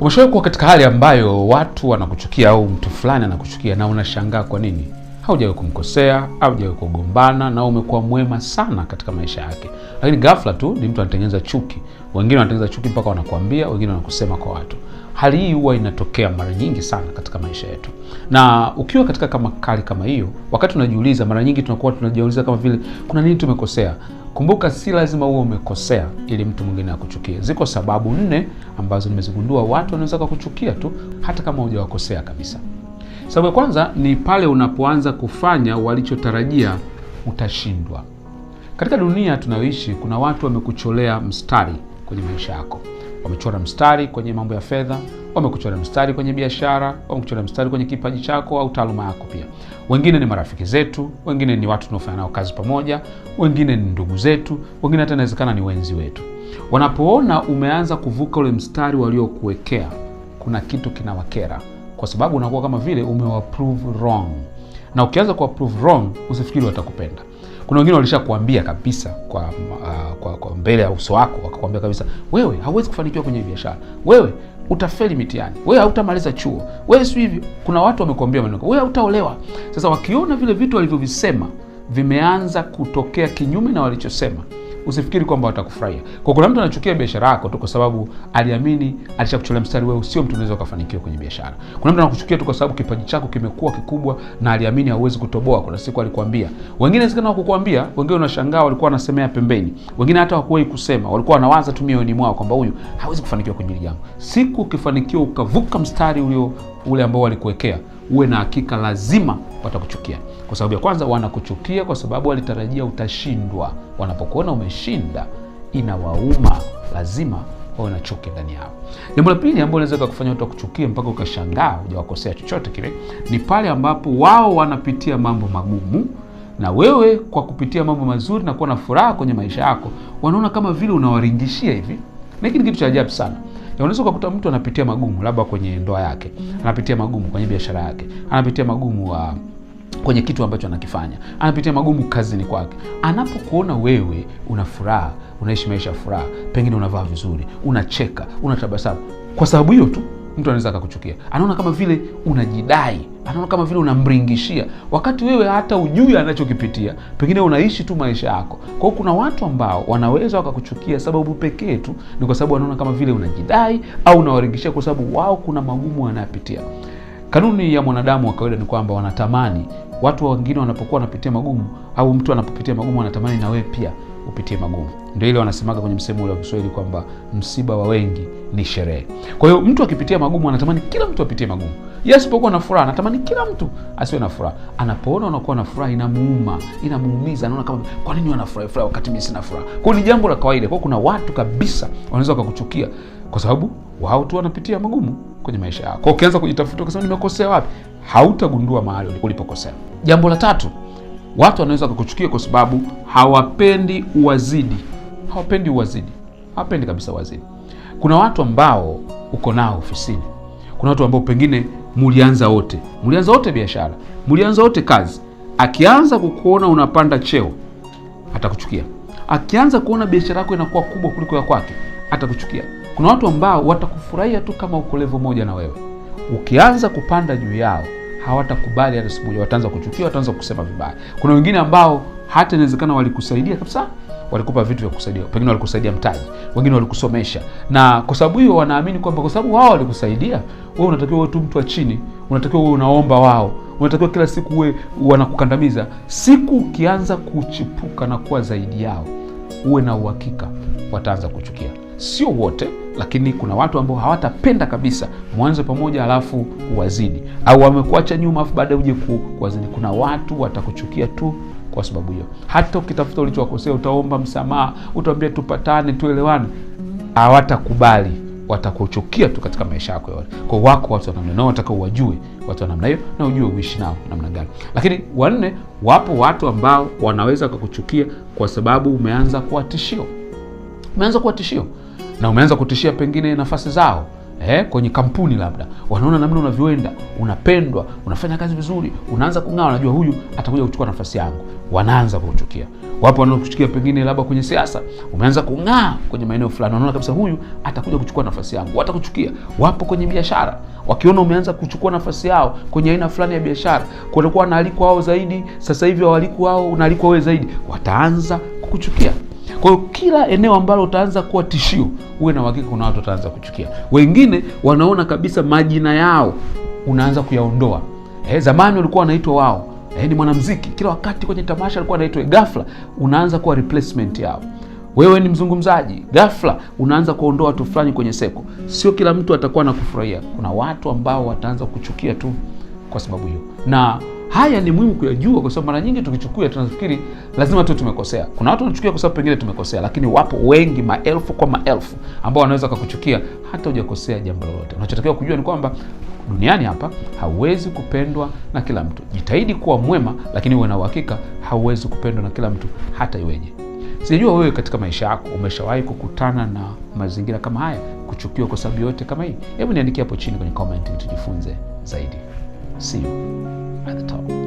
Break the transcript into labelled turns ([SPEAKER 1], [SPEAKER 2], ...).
[SPEAKER 1] Umeshawahi kuwa katika hali ambayo watu wanakuchukia au mtu fulani anakuchukia na unashangaa kwa nini? haujawe kumkosea, haujawahi kugombana na umekuwa mwema sana katika maisha yake, lakini ghafla tu ni mtu anatengeneza chuki. Wengine wanatengeneza chuki mpaka wanakuambia, wengine wanakusema kwa watu. Hali hii huwa inatokea mara nyingi sana katika maisha yetu, na ukiwa katika kama kali kama hiyo, wakati unajiuliza mara nyingi tunakuwa tunajiuliza kama vile kuna nini tumekosea. Kumbuka, si lazima uwe umekosea ili mtu mwingine akuchukie. Ziko sababu nne ambazo nimezigundua watu wanaweza kukuchukia tu hata kama hujawakosea kabisa. Sababu ya kwanza ni pale unapoanza kufanya walichotarajia utashindwa. Katika dunia tunayoishi, kuna watu wamekucholea mstari kwenye maisha yako, wamechora mstari kwenye mambo ya fedha, wamekuchora mstari kwenye biashara, wamekuchora mstari kwenye kipaji chako au taaluma yako. Pia wengine ni marafiki zetu, wengine ni watu tunaofanya nao kazi pamoja, wengine ni ndugu zetu, wengine hata inawezekana ni wenzi wetu. Wanapoona umeanza kuvuka ule mstari waliokuwekea, kuna kitu kinawakera kwa sababu unakuwa kama vile umewaprove wrong, na ukianza prove wrong usifikiri watakupenda. Kuna wengine walishakuambia kabisa kwa, uh, kwa, kwa mbele ya uso wako wakakwambia kabisa, wewe hauwezi kufanikiwa kwenye biashara, wewe utafeli mitiani wewe hautamaliza chuo, wewe si hivyo. Kuna watu wamekuambia maneno, wewe hautaolewa. Sasa wakiona vile vitu walivyovisema vimeanza kutokea kinyume na walichosema usifikiri kwamba watakufurahia. Kwa kuna mtu anachukia biashara yako tu kwa sababu aliamini alishakuchorea mstari wewe sio mtu unaweza ukafanikiwa kwenye biashara. Kuna mtu anakuchukia tu kwa sababu kipaji chako kimekuwa kikubwa na aliamini hauwezi kutoboa. Kuna siku alikwambia. Wengine inawezekana hawakukwambia, wengine unashangaa walikuwa wanasemea pembeni. Wengine hata hawakuwahi kusema, walikuwa wanawaza tu mioyoni mwao kwamba huyu hawezi kufanikiwa kwenye jambo. Siku ukifanikiwa ukavuka mstari ulio ule ambao walikuwekea uwe na hakika lazima watakuchukia. Kwa sababu ya kwanza, wanakuchukia kwa sababu walitarajia utashindwa. Wanapokuona umeshinda, inawauma, lazima wawe na chuki ndani yao. Jambo la pili ambalo linaweza kufanya watu wakuchukie mpaka ukashangaa hujawakosea chochote kile, ni pale ambapo wao wanapitia mambo magumu na wewe kwa kupitia mambo mazuri na kuwa na furaha kwenye maisha yako, wanaona kama vile unawaringishia hivi, lakini kitu cha ajabu sana Unaweza ukakuta mtu anapitia magumu labda kwenye ndoa yake, anapitia magumu kwenye biashara yake, anapitia magumu wa uh, kwenye kitu ambacho anakifanya, anapitia magumu kazini kwake. Anapokuona wewe una furaha, unaishi maisha ya furaha, pengine unavaa vizuri, unacheka, unatabasamu, kwa sababu hiyo tu mtu anaweza akakuchukia, anaona kama vile unajidai, anaona kama vile unamringishia, wakati wewe hata ujui anachokipitia, pengine unaishi tu maisha yako. kwao kuna watu ambao wanaweza wakakuchukia sababu pekee tu ni kwa sababu wanaona kama vile unajidai au unawaringishia, kwa sababu wao kuna magumu wanayapitia. Kanuni ya mwanadamu wa kawaida ni kwamba wanatamani watu wengine wanapokuwa wanapitia magumu au mtu anapopitia magumu, anatamani na wewe pia upitie magumu. Ndio ile wanasemaga kwenye msemo ule wa Kiswahili kwamba msiba wa wengi ni sherehe. Kwa hiyo mtu akipitia magumu anatamani kila mtu apitie magumu. Yeye asipokuwa na furaha anatamani kila mtu asiwe na furaha. Anapoona unakuwa na furaha inamuuma, inamuumiza, anaona kama kwa nini wanafurahi furaha wakati mimi sina furaha. Kwa ni jambo la kawaida. Kwa kuna watu kabisa wanaweza wakakuchukia kwa sababu wao tu wanapitia magumu kwenye maisha yao. Kwa ukianza kujitafuta ukasema nimekosea wapi, hautagundua mahali ulipokosea. Jambo la tatu watu wanaweza kukuchukia kwa sababu hawapendi uwazidi, hawapendi uwazidi, hawapendi kabisa uwazidi. Kuna watu ambao uko nao ofisini, kuna watu ambao pengine mulianza wote, mulianza wote biashara, mulianza wote kazi. Akianza kukuona unapanda cheo, atakuchukia. Akianza kuona biashara yako inakuwa kubwa kuliko ya kwake, atakuchukia. Kuna watu ambao watakufurahia tu kama uko levo moja na wewe, ukianza kupanda juu yao hawatakubali hata siku moja, wataanza kuchukia, wataanza kusema vibaya. Kuna wengine ambao hata inawezekana walikusaidia kabisa, walikupa vitu vya kusaidia, pengine walikusaidia mtaji, wengine walikusomesha, na kwa sababu hiyo wanaamini kwamba kwa sababu wao walikusaidia wewe, unatakiwa wewe tu mtu wa chini, unatakiwa wewe unaomba wao, unatakiwa kila siku uwe wanakukandamiza. Siku ukianza kuchipuka na kuwa zaidi yao, uwe na uhakika wataanza kuchukia sio wote, lakini kuna watu ambao hawatapenda kabisa mwanze pamoja alafu uwazidi, au wamekuacha nyuma alafu baadaye uje kuwazidi. Kuna watu watakuchukia tu kwa sababu hiyo. Hata ukitafuta ulichowakosea, utaomba msamaha, utawambia tupatane, tuelewane, hawatakubali watakuchukia tu katika maisha yako yote. kwao wako watu wanamna nao, wataka uwajue watu wa namna hiyo na ujue uishi nao namna gani. Lakini wanne, wapo watu ambao wanaweza wakakuchukia kwa sababu umeanza kuwa tishio, umeanza kuwa tishio na umeanza kutishia pengine nafasi zao eh, kwenye kampuni labda wanaona namna unavyoenda, unapendwa, unafanya kazi vizuri, unaanza kung'aa, wanajua huyu atakuja kuchukua nafasi yangu, wanaanza kuchukia Wapo wanaokuchukia pengine labda kwenye siasa, umeanza kung'aa kwenye maeneo fulani, wanaona kabisa huyu atakuja kuchukua nafasi yangu, watakuchukia. Wapo kwenye biashara, wakiona umeanza kuchukua nafasi yao kwenye aina fulani ya biashara, kulikuwa wanaalikwa wao zaidi, sasa hivi hawaalikwi wao, unaalikwa wewe zaidi, wataanza kukuchukia. Kwa hiyo kila eneo ambalo utaanza kuwa tishio, uwe na uhakika kuna watu wataanza kuchukia. Wengine wanaona kabisa majina yao unaanza kuyaondoa. Eh, zamani walikuwa wanaitwa wao, eh, ni mwanamuziki, kila wakati kwenye tamasha alikuwa anaitwa. Ghafla unaanza kuwa replacement yao. Wewe ni mzungumzaji, ghafla unaanza kuondoa watu fulani kwenye seko. Sio kila mtu atakuwa na kufurahia. Kuna watu ambao wataanza kuchukia tu kwa sababu hiyo na Haya ni muhimu kuyajua, kwa sababu mara nyingi tukichukua tunafikiri lazima tu tumekosea. Kuna watu wanachukia kwa sababu pengine tumekosea, lakini wapo wengi, maelfu kwa maelfu, ambao wanaweza kukuchukia hata hujakosea jambo lolote. Unachotakiwa kujua ni kwamba duniani hapa hauwezi kupendwa na kila mtu. Jitahidi kuwa mwema, lakini uwe na uhakika hauwezi kupendwa na kila mtu hata iweje. Sijajua wewe katika maisha yako umeshawahi kukutana na mazingira kama haya, kuchukiwa kwa sababu yote kama hii? Hebu niandikia hapo chini kwenye comment, tujifunze zaidi. See you at the top.